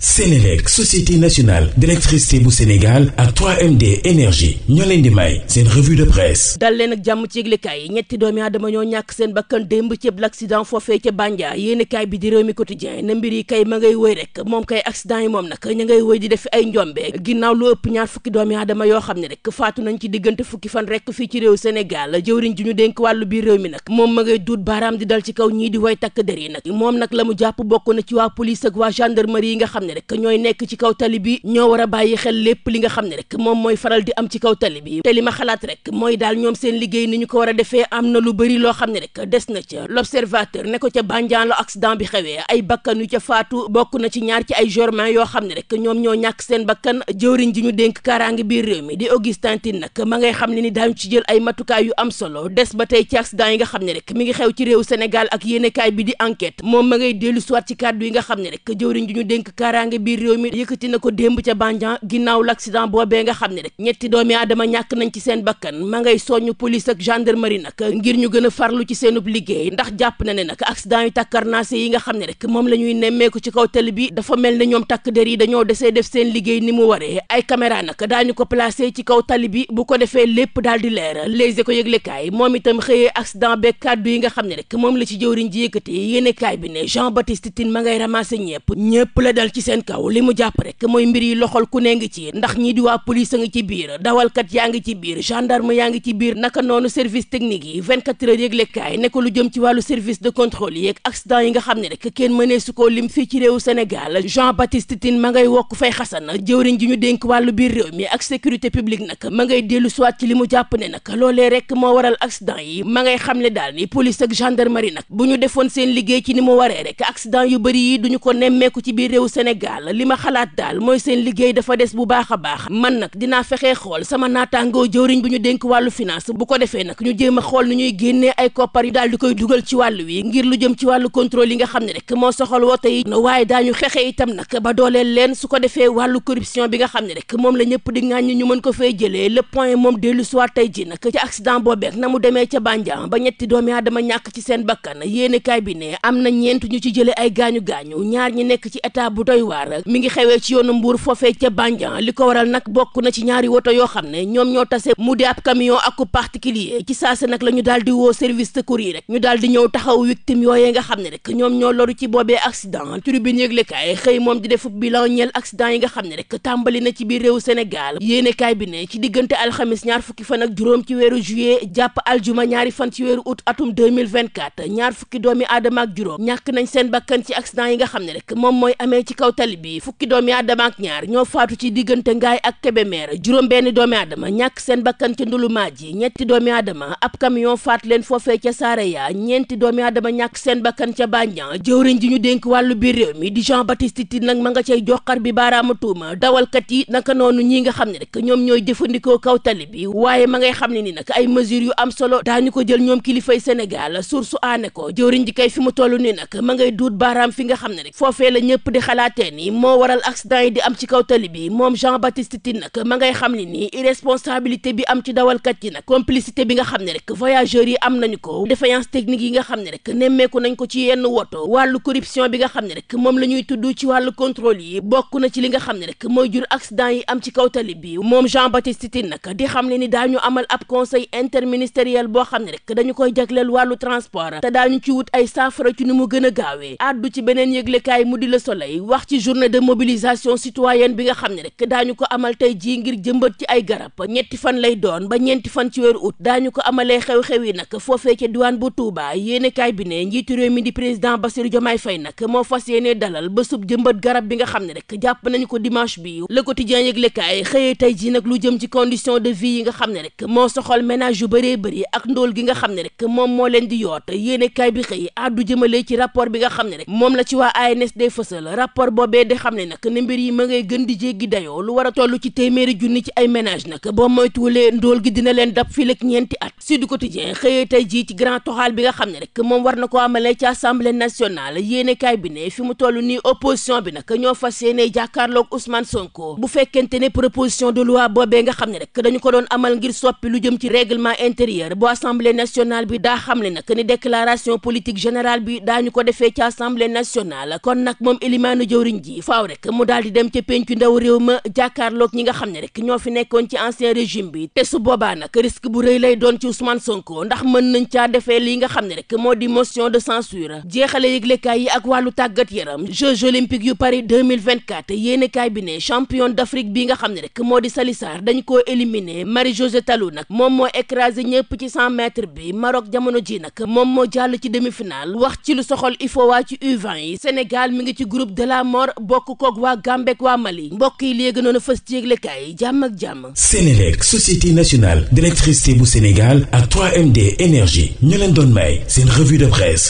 Sénélec société nationale d'électricité bu Sénégal ak 3MD énergie ñoo leen di may seen revue de presse dal leen ak jàmm ci yëglekaay yi ñetti doomi dama ñoo ñàkk seen bakkan démb ci l'accident foofee ca Bandia yéenekaay bi di réew mi quotidien na mbir yi kay ma ngay wëy rek moom kay accident yi moom nag ña ngay wëy di def ay njombe ginnaaw lu ëpp ñaar fukki doomi aadama yoo xam ne rek faatu nañ ci diggante fukki fan rek fii ci réew Sénégal jëwriñ ju ñu dénk wàllu biir réew mi nag moom ma ngay di dal ci kaw ñii di way takk der yi nag moom nag la mu jàpp bokk na ci waa police yi nga xam ne rek ñooy nekk ci kaw tali bi ñoo war a bàyyi xel lépp li nga xam ne rek moom mooy faral di am ci kaw tali bi te li ma xalaat rek mooy daal ñoom seen ni ñu ko war defee am na lu loo xam ne rek des na ca l'observateur ne ko ca Bandian la bi xewee ay bakkan yu ca faatu bokk na ci ñaar ci ay germain yoo xam ne rek ñoom ñoo ñàkk seen bakkan jëwriñ ji ñu dénk kaaraange biir réew mi di Augustin Tine ma ngay xam ne ni daañu ci jël ay matukaay yu am solo des ba tey ci accident yi nga xam ne rek mi ngi xew ci réew Sénégal ak yéenekaay bi di enquête moom ma ngay dellu siwaat ci kàddu yi nga xam ne rek jëwriñ ji ñu dénk kaaraange kaaraange biir réew mi yëkkati na ko démb ca Bandian ginnaaw l'accident boobee nga xam ne rek ñetti doomi aadama ñàkk nañ ci seen bakkan a farlu ci seenub liggéey ndax jàpp na ne nag accident yu la ñuy nemmeeku takk der yi dañoo desee def seen liggéey ni mu nga xam ne rek moom la ci jëwriñ ji yëkkati yéenekaay bi ne Jean Baptiste Tine ma ngay ramassé ñepp ñëpp la dal ci seen kaw li mu jàpp rek mooy mbir yi loxol ku ne ngi ci ndax ñii di waa police a ngi ci biir dawalkat yaa ngi ci biir gendarme yaa ngi ci biir naka noonu service technique yi 24 heures yëglekaay ne lu jëm ci wàllu service de contrôle yi ak accident yi nga xam ne rek kenn mënee su koo lim fii ci réewu Sénégal Jean Baptiste Tine ma ngay wokk fay xasan jëwriñ ji ñu dénk wàllu biir réew mi ak sécurité publique nag ma ngay dellu soit ci li mu jàpp ne nag loolee rek moo waral accident yi ma ngay xam ne daal ni police ak gendarmerie nag bu ñu defoon seen liggéey ci ni mu waree rek accident yu bëri yi duñu ko Sénégal li ma xalaat daal mooy seen liggéey dafa des bu baax a baax man nag dinaa fexee xool sama naataangoo jëwriñ bu ñu dénk wàllu finance bu ko defee nag a xool ni ñuy génnee ay koppar yu di koy dugal ci wàllu wi ngir lu jëm ci wàllu contrôle yi nga xam ne rek moo soxal wote yi waaye daañu fexe itam nag ba dooleel leen su ko defee wàllu corruption bi nga xam ne rek moom la ñëpp di ŋàññi ñu mën ko fay jëlee le point moom dellu soir tey ji nag ci accident boobeek na mu demee ca Bandiang ba ñetti doomi aadama ñàkk ci seen bakkan yéene bi ne am na ñeent ñu ci jëlee ay gaañu gaañu ñaar ñi nekk ci état bu doy waar mi ngi xewee ci yoonu Mbour foofee ca Bandian li ko waral nag bokk na ci ñaari woto yoo xam ne ñoom ñoo tase mu di ab camion ak particulier ci saase nag la ñu daal di woo service secours yi rek ñu daal di ñëw taxaw victime yooyee nga xam ne rek ñoom ñoo loru ci boobee accident tribune yëglekaay xëy moom di def bilan ñeel accident yi nga xam ne rek tàmbali na ci biir réew Sénégal yéenekaay bi ne ci diggante alxamis ñaar fukki fan ak juróom ci weeru juillet jàpp aljuma ñaari fan ci weeru août atum 2024 ñaar fukki doomi aadama ak juróom ñàkk nañ seen bakkan ci accident yi nga xam ne rek moom mooy amee ci kaw tali bi fukki doomi aadama ak ñaar ñoo faatu ci diggante ngaay ak Kébémer juróom benn doomi aadama ñàkk seen bakkan ci ndulumaaj yi ñetti doomi aadama ab camion faat leen foofee ca Saraya ñeenti doomi aadama ñàkk seen bakkan ca Bandian jëwriñ ji ñu dénk wàllu biir réew mi di Jean Baptiste Tine nag ma nga cay joxar bi baaraamu tuuma dawalkat yi naka noonu ñi nga xam ne rek ñoom ñooy jëfandikoo kaw tali bi waaye ma ngay xam ne nii nag ay mesures yu am solo daañu ko jël ñoom kilifay Sénégal source aane ko jëwriñ ji kay mu toll nii nag ma ngay duut baaraam fi nga xam ne rek foofee teen yi moo waral accident yi di am ci kaw tali bi moom Jean Baptiste Tine nag ma ngay xam ne nii irresponsabilité bi am ci dawalkat yi nag complicité bi nga xam ne rek voyageurs yi am nañu ko défaillance technique yi nga xam ne rek nemmeeku nañ ko ci yenn woto wàllu corruption bi nga xam ne rek moom la ñuy tudd ci wàllu contrôle yi bokk na ci li nga xam ne rek mooy jur accident yi am ci kaw tali bi moom Jean Baptiste Tine nag di xam ne ni ñu amal ab conseil interministériel boo xam ne rek dañu koy jagleel wàllu transport te ñu ci wut ay saafara ci ni mu gën a gaawee àddu ci beneen yëglekaay mu di Le Soleil wax ci journée de mobilisation citoyenne bi nga xam ne rek daañu ko amal tey jii ngir jëmbat ci ay garab ñetti fan lay doon ba ñeenti fan ci weeru août daañu ko amalee xew-xew yi nag foofee ca diwaan bu Touba yéenekaay bi ne njiitu réew mi di président Bassirou Diomaye Faye nag moo fas yéene dalal ba sub jëmbat garab bi nga xam ne rek jàpp nañu ko dimanche bi Le Quotidien yëglekaay xëyee tey jii nag lu jëm ci condition de vie yi nga xam ne rek moo soxal ménage yu bëree bëri ak ndóol gi nga xam ne moom moo leen di yoot yéenekaay bi xëy addu jëmale ci rapport bi nga xam ne rek moom la ci waa ANSD fësal rapport boobee di xam ne nag ne mbir yi ma ngay di jéggi dayoo lu war a toll ci téeméeri junni ci ay ménage nag boo moytuwulee ndóol gi dina leen dab fileeg ñeenti at Sud Quotidien xëyee tey jii ci grand toxaal bi nga xam ne rek moom war na ko amalee ci assemblée nationale yéenekaay bi ne fi mu toll nii opposition bi nag ñoo fa yéene jàkkaarlook Ousmane Sonko bu fekkente ne proposition de loi boobee nga xam ne rek dañu ko doon amal ngir soppi lu jëm ci règlement intérieur bu assemblée nationale bi daa xam ne nag ni déclaration politique générale bi daañu ko defee ci assemblée nationale jëwriñ ji faaw rek mu daal di dem ca ne rek ñoo fi nekkoon ci ancien régime bi te su boobaa nag risque bu rëy lay doon ci Ousmane Sonko ndax mën nañ caa defee li nga jeexale yëglekaay yi ak wàllu tàggat yaram Jeux olympiques yu Paris 2024 bi ne champion d'Afrique bi nga xam ne rek moo di Sali dañ koo éliminé Marie-Josée Talou nag moom moo écrasé ñëpp ci 100 bi Maroc jamono ji nag moom moo jàll ci demi-finale wax ci lu soxol IFOA ci u yi Sénégal mi ngi ci groupe de la mort Comores bokk kook waa Gambek waa Mali mbokk yi léegi noonu fës ci yëglekaay jàmm ak jàmm Sénélec société nationale d'électricité bu Sénégal ak 3MD énergie ñu leen doon may seen revue de presse